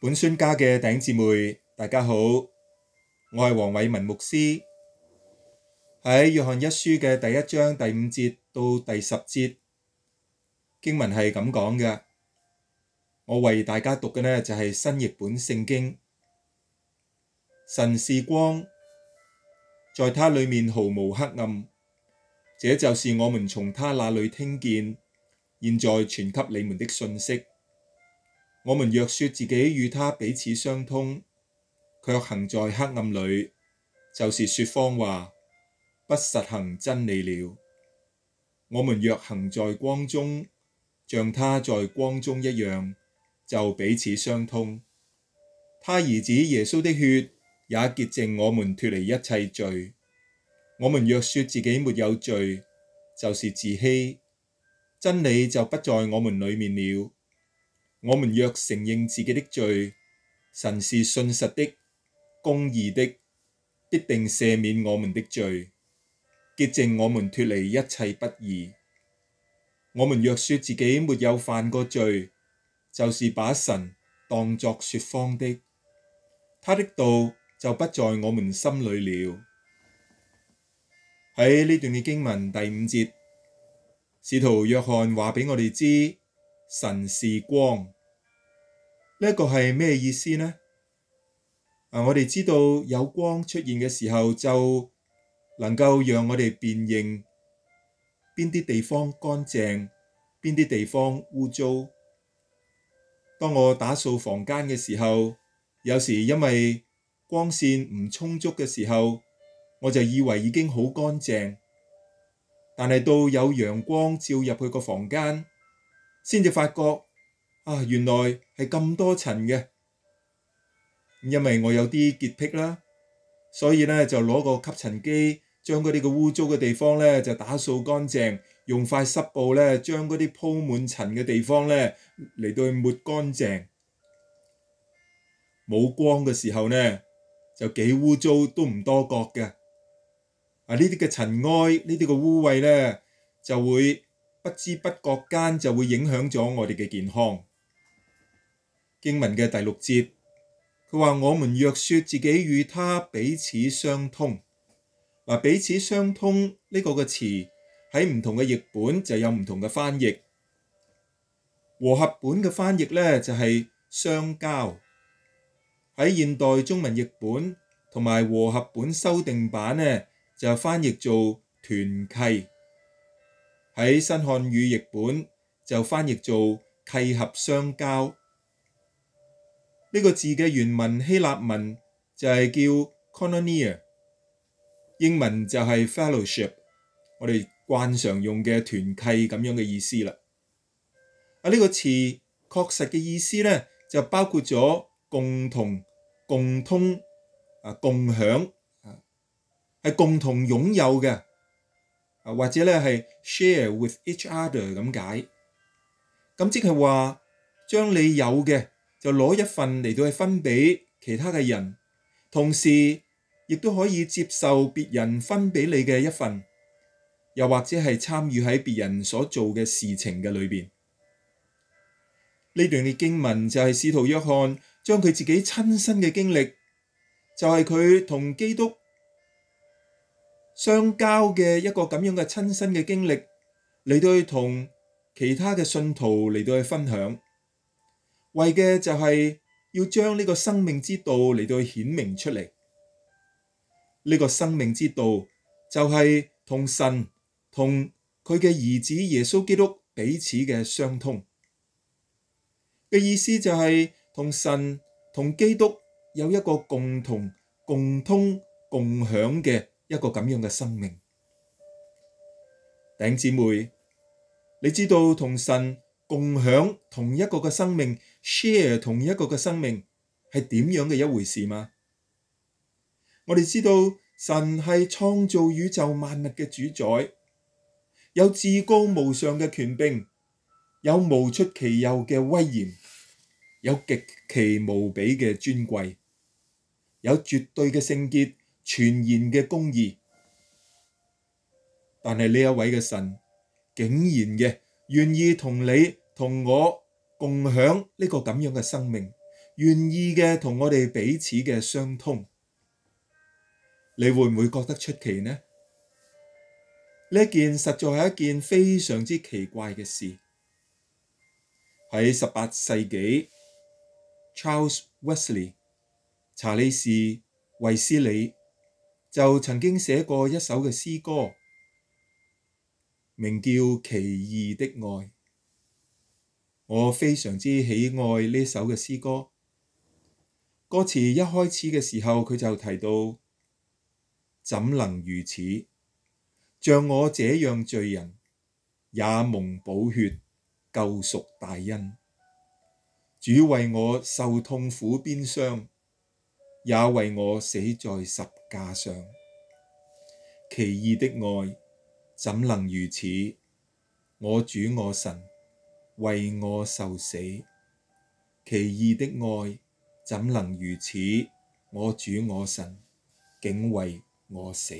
本宣家嘅頂姊妹，大家好，我係黃偉文牧師。喺約翰一書嘅第一章第五節到第十節經文係咁講嘅，我為大家讀嘅呢就係新譯本聖經。神是光，在他裡面毫無黑暗，這就是我們從他那裏聽見，現在傳給你們的信息。我們若説自己與他彼此相通，卻行在黑暗裏，就是説謊話，不實行真理了。我們若行在光中，像他在光中一樣，就彼此相通。他兒子耶穌的血也潔淨我們脱離一切罪。我們若説自己沒有罪，就是自欺，真理就不在我們裏面了。我們若承認自己的罪，神是信實的、公義的，必定赦免我們的罪，潔淨我們，脱離一切不義。我們若説自己沒有犯過罪，就是把神當作説謊的，他的道就不在我們心裡了。喺呢段嘅經文第五節，使徒約翰話俾我哋知。神是光，呢個係咩意思呢？啊，我哋知道有光出現嘅時候就能夠讓我哋辨認邊啲地方乾淨，邊啲地方污糟。當我打掃房間嘅時候，有時因為光線唔充足嘅時候，我就以為已經好乾淨，但係到有陽光照入去個房間。先至發覺啊，原來係咁多塵嘅，因為我有啲潔癖啦，所以呢就攞個吸塵機將嗰啲嘅污糟嘅地方呢就打掃乾淨，用塊濕布呢將嗰啲鋪滿塵嘅地方呢嚟到抹乾淨。冇光嘅時候呢，就幾污糟都唔多覺嘅，啊，塵呢啲嘅塵埃呢啲嘅污穢呢就會，不知不覺間就會影響咗我哋嘅健康。經文嘅第六節，佢話：我們若説自己與他彼此相通，嗱，彼此相通呢個嘅詞喺唔同嘅譯本就有唔同嘅翻譯。和合本嘅翻譯呢，就係相交，喺現代中文譯本同埋和合本修訂版呢，就翻譯做團契。喺新漢語譯本就翻譯做契合相交，呢、這個字嘅原文希臘文就係叫 c o n o n i e r 英文就係 fellowship，我哋慣常用嘅團契咁樣嘅意思啦。啊，呢個詞確實嘅意思呢，就包括咗共同、共通、啊共享，係共同擁有嘅。或者咧係 share with each other 咁解，咁即係話將你有嘅就攞一份嚟到去分俾其他嘅人，同時亦都可以接受別人分俾你嘅一份，又或者係參與喺別人所做嘅事情嘅裏邊。呢段嘅經文就係使徒約翰將佢自己親身嘅經歷，就係佢同基督。相交嘅一個咁樣嘅親身嘅經歷嚟到去同其他嘅信徒嚟到去分享，為嘅就係要將呢個生命之道嚟到去顯明出嚟。呢個生命之道就係同神，同佢嘅兒子耶穌基督彼此嘅相通嘅意思，就係同神同基督有一個共同、共通、共享嘅一個咁樣嘅生命，弟兄姊妹，你知道同神共享同一個嘅生命，share 同一個嘅生命係點樣嘅一回事嗎？我哋知道神係創造宇宙萬物嘅主宰，有至高無上嘅權柄，有無出其右嘅威嚴，有極其無比嘅尊貴，有絕對嘅聖潔。傳言嘅公義，但係呢一位嘅神竟然嘅願意同你同我共享呢個咁樣嘅生命，願意嘅同我哋彼此嘅相通，你會唔會覺得出奇呢？呢件實在係一件非常之奇怪嘅事。喺十八世紀，Charles Wesley 查理士維斯利，就曾經寫過一首嘅詩歌，名叫《奇異的愛》。我非常之喜愛呢首嘅詩歌。歌詞一開始嘅時候，佢就提到：怎能如此？像我這樣罪人，也蒙寶血救贖大恩。主為我受痛苦鞭傷。也為我死在十架上，奇異的愛怎能如此？我主我神為我受死，奇異的愛怎能如此？我主我神竟為我死，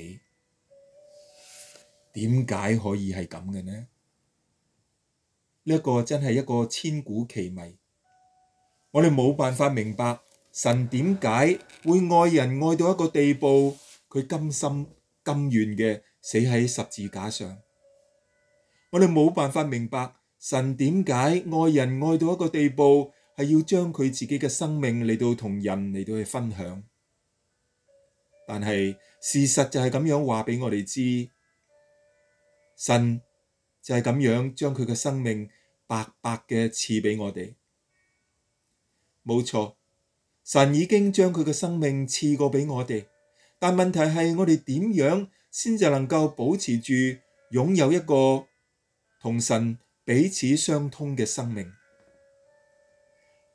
點解可以係咁嘅呢？呢、這、一個真係一個千古奇謎，我哋冇辦法明白。神點解會愛人愛到一個地步，佢甘心甘願嘅死喺十字架上。我哋冇辦法明白神點解愛人愛到一個地步，係要將佢自己嘅生命嚟到同人嚟到去分享。但係事實就係咁樣話俾我哋知，神就係咁樣將佢嘅生命白白嘅賜俾我哋，冇錯。神已經將佢嘅生命賜過俾我哋，但問題係我哋點樣先就能夠保持住擁有一個同神彼此相通嘅生命？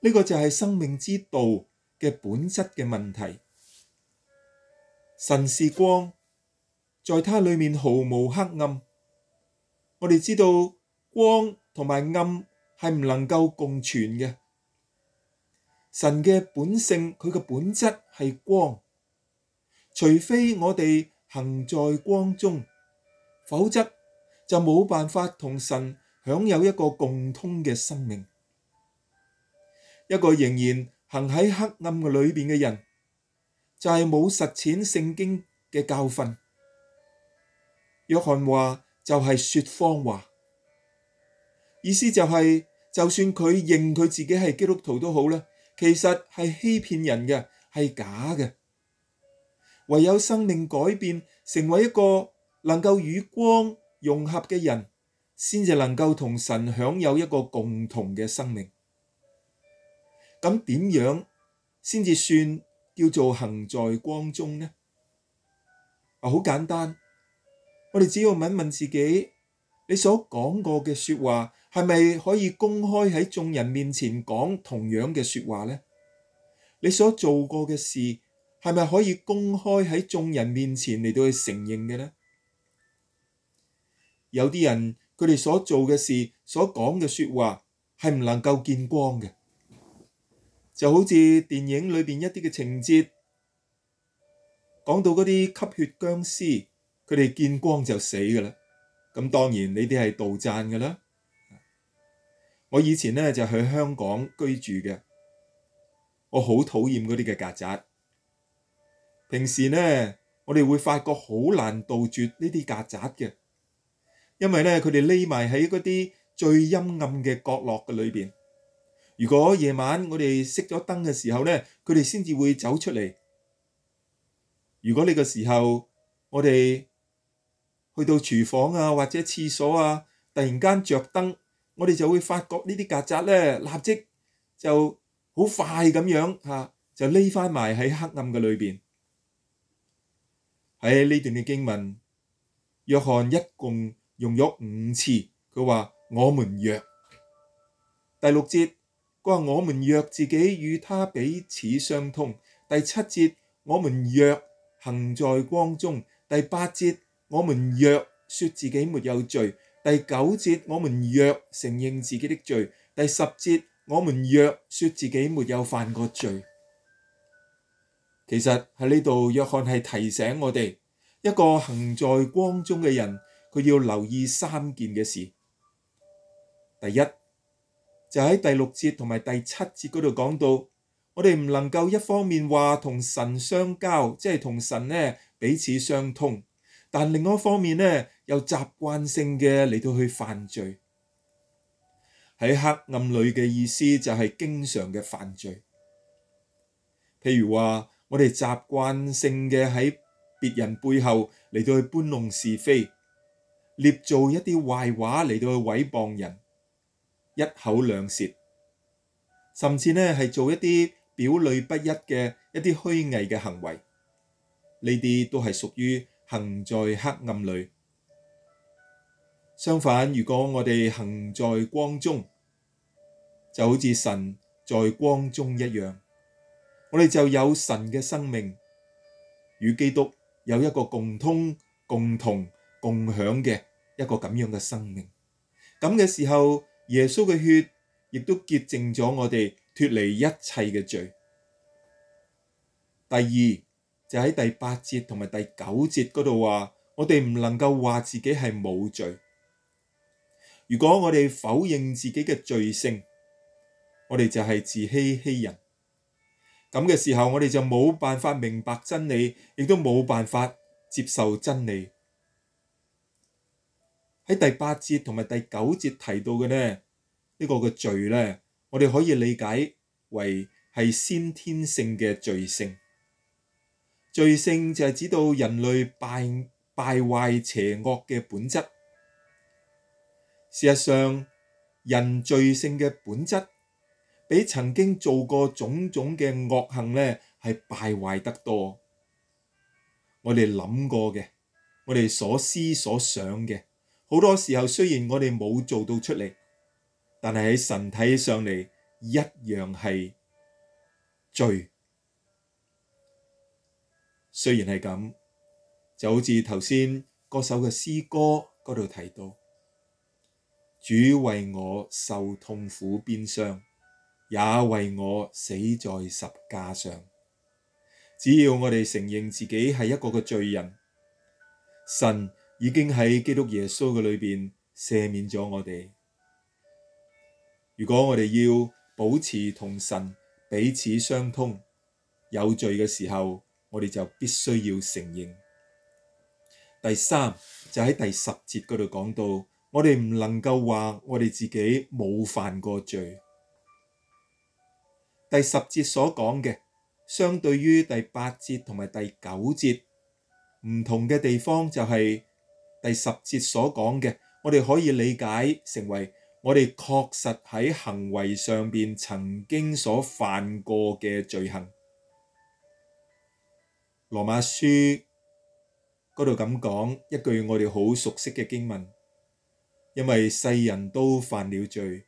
呢個就係生命之道嘅本質嘅問題。神是光，在他裏面毫無黑暗。我哋知道光同埋暗係唔能夠共存嘅。神嘅本性，佢嘅本質係光。除非我哋行在光中，否則就冇辦法同神享有一個共通嘅生命。一個仍然行喺黑暗嘅裏邊嘅人，就係冇實踐聖經嘅教訓。約翰話就係說謊話，意思就係就算佢認佢自己係基督徒都好啦。其實係欺騙人嘅，係假嘅。唯有生命改變，成為一個能夠與光融合嘅人，先至能夠同神享有一個共同嘅生命。咁點樣先至算叫做行在光中呢？啊，好簡單，我哋只要問問自己，你所講過嘅說話。係咪可以公開喺眾人面前講同樣嘅説話呢？你所做過嘅事係咪可以公開喺眾人面前嚟到去承認嘅呢？有啲人佢哋所做嘅事、所講嘅説話係唔能夠見光嘅，就好似電影裏邊一啲嘅情節，講到嗰啲吸血殭屍，佢哋見光就死㗎啦。咁當然你哋係杜撰㗎啦。我以前咧就喺香港居住嘅，我好討厭嗰啲嘅曱甴。平時咧，我哋會發覺好難杜絕呢啲曱甴嘅，因為咧佢哋匿埋喺嗰啲最陰暗嘅角落嘅裏邊。如果夜晚我哋熄咗燈嘅時候咧，佢哋先至會走出嚟。如果呢個時候我哋去到廚房啊或者廁所啊，突然間著燈。我哋就會發覺呢啲曱甴咧，立即就好快咁樣嚇，就匿翻埋喺黑暗嘅裏邊。喺呢段嘅經文，約翰一共用咗五次，佢話我們若。第六節，佢話我們若自己與他彼此相通。第七節，我們若行在光中。第八節，我們若説自己沒有罪。第九節，我們若承認自己的罪；第十節，我們若説自己沒有犯過罪。其實喺呢度，約翰係提醒我哋，一個行在光中嘅人，佢要留意三件嘅事。第一就喺第六節同埋第七節嗰度講到，我哋唔能夠一方面話同神相交，即係同神呢彼此相通，但另外一方面呢。有習慣性嘅嚟到去犯罪。喺黑暗裏嘅意思就係經常嘅犯罪。譬如話,我哋習慣性嘅喺別人背後嚟到去搬弄是非,捏造一啲壞話嚟到去毀謗人,一口兩舌。甚至呢係做一啲表裏不一嘅,一啲虛偽嘅行為。呢啲都係屬於行在黑暗裏。相反，如果我哋行在光中，就好似神在光中一樣，我哋就有神嘅生命，與基督有一個共通、共同、共享嘅一個咁樣嘅生命。咁嘅時候，耶穌嘅血亦都潔淨咗我哋脫離一切嘅罪。第二就喺第八節同埋第九節嗰度話，我哋唔能夠話自己係冇罪。如果我哋否認自己嘅罪性，我哋就係自欺欺人。咁嘅時候，我哋就冇辦法明白真理，亦都冇辦法接受真理。喺第八節同埋第九節提到嘅呢，呢、呢個嘅罪呢，我哋可以理解為係先天性嘅罪性。罪性就係指到人類敗敗壞邪惡嘅本質。事實上，人罪性嘅本質比曾經做過種種嘅惡行呢係敗壞得多。我哋諗過嘅，我哋所思所想嘅，好多時候雖然我哋冇做到出嚟，但係喺神睇起上嚟一樣係罪。雖然係咁，就好似頭先嗰首嘅詩歌嗰度提到。主為我受痛苦鞭傷，也為我死在十架上。只要我哋承認自己係一個嘅罪人，神已經喺基督耶穌嘅裏面赦免咗我哋。如果我哋要保持同神彼此相通，有罪嘅時候，我哋就必須要承認。第三，就喺第十節嗰度講到。我哋唔能夠話我哋自己冇犯過罪。第十節所講嘅，相對於第八節同埋第九節唔同嘅地方，就係第十節所講嘅，我哋可以理解成為我哋確實喺行為上邊曾經所犯過嘅罪行。羅馬書嗰度咁講一句，我哋好熟悉嘅經文。因為世人都犯了罪，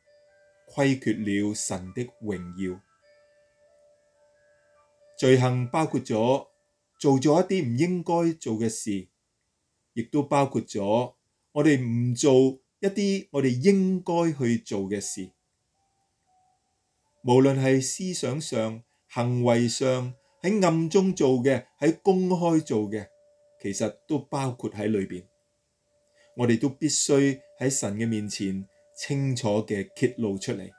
虧缺了神的榮耀。罪行包括咗做咗一啲唔應該做嘅事，亦都包括咗我哋唔做一啲我哋應該去做嘅事。無論係思想上、行為上，喺暗中做嘅、喺公開做嘅，其實都包括喺裏邊。我哋都必須。喺神嘅面前清楚嘅揭露出嚟，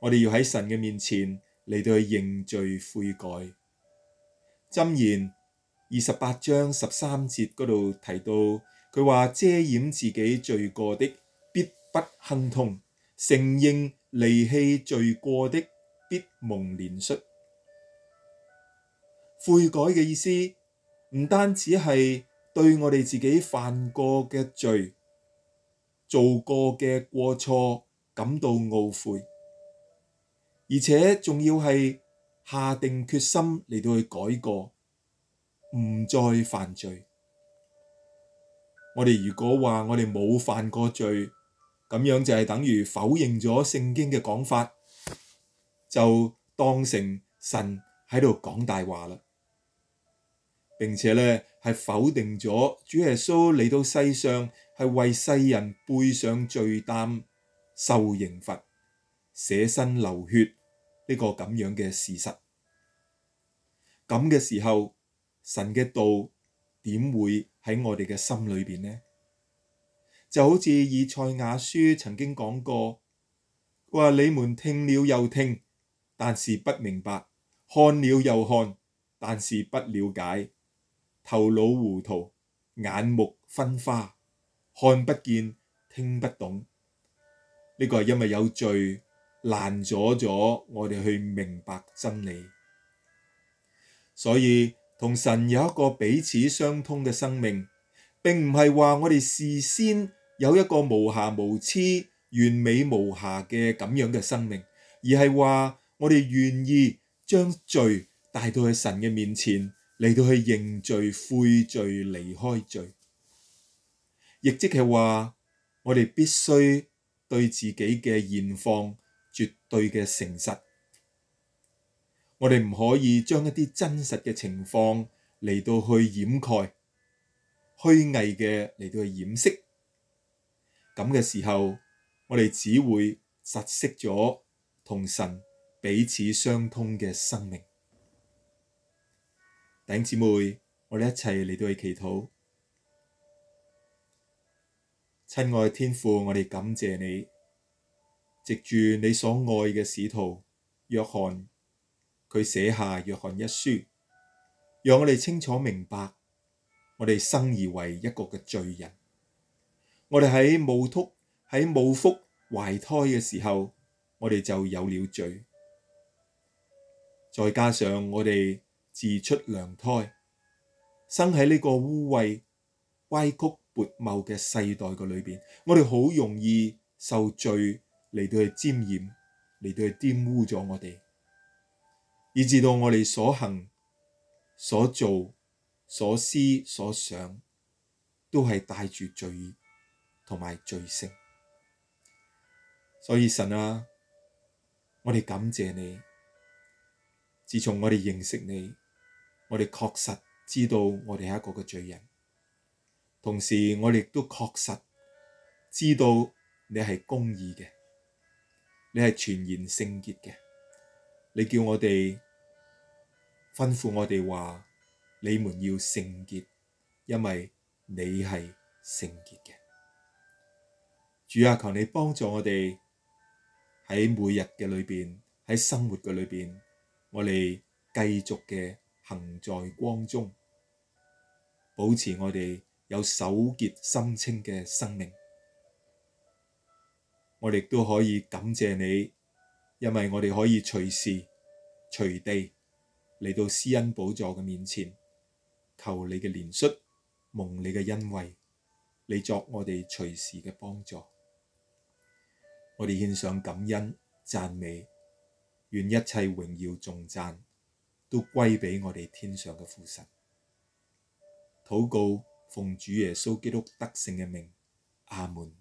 我哋要喺神嘅面前嚟到去認罪悔改。箴言二十八章十三節嗰度提到，佢話遮掩自己罪過的必不亨通，承認離棄罪過的必蒙憐恤。悔改嘅意思唔單止係。對我哋自己犯過嘅罪、做過嘅過錯感到懊悔，而且仲要係下定決心嚟到去改過，唔再犯罪。我哋如果話我哋冇犯過罪，咁樣就係等於否認咗聖經嘅講法，就當成神喺度講大話啦。並且呢。係否定咗主耶穌嚟到世上係為世人背上罪擔、受刑罰、捨身流血呢個咁樣嘅事實。咁嘅時候，神嘅道點會喺我哋嘅心裏邊呢？就好似以賽亞書曾經講過：話你們聽了又聽，但是不明白；看了又看，但是不了解。頭腦糊塗、眼目昏花，看不見、聽不懂，呢個係因為有罪攔阻咗我哋去明白真理。所以同神有一個彼此相通嘅生命，並唔係話我哋事先有一個無瑕無疵、完美無瑕嘅咁樣嘅生命，而係話我哋願意將罪帶到去神嘅面前。嚟到去認罪、悔罪、離開罪，亦即係話我哋必須對自己嘅現況絕對嘅誠實。我哋唔可以將一啲真實嘅情況嚟到去掩蓋虛偽嘅嚟到去掩飾。咁嘅時候，我哋只會窒息咗同神彼此相通嘅生命。弟兄姊妹，我哋一齊嚟到去祈禱。親愛天父，我哋感謝你，藉住你所愛嘅使徒約翰，佢寫下約翰一書，讓我哋清楚明白，我哋生而為一個嘅罪人，我哋喺母胎喺母腹懷胎嘅時候，我哋就有了罪，再加上我哋。自出娘胎，生喺呢個污穢、歪曲、悖謬嘅世代嘅裏邊，我哋好容易受罪嚟到去沾染，嚟到去玷污咗我哋，以至到我哋所行、所做、所思、所想，都係帶住罪同埋罪性。所以神啊，我哋感謝你，自從我哋認識你。我哋確實知道我哋係一個嘅罪人，同時我哋亦都確實知道你係公義嘅，你係全然聖潔嘅。你叫我哋吩咐我哋話，你們要聖潔，因為你係聖潔嘅。主啊，求你幫助我哋喺每日嘅裏邊，喺生活嘅裏邊，我哋繼續嘅。行在光中，保持我哋有手潔心清嘅生命。我哋都可以感謝你，因為我哋可以隨時隨地嚟到施恩寶座嘅面前，求你嘅憐恤，蒙你嘅恩惠，你作我哋隨時嘅幫助。我哋獻上感恩讚美，願一切榮耀頌讚，都歸畀我哋天上嘅父神，禱告奉主耶穌基督得勝嘅名，阿門。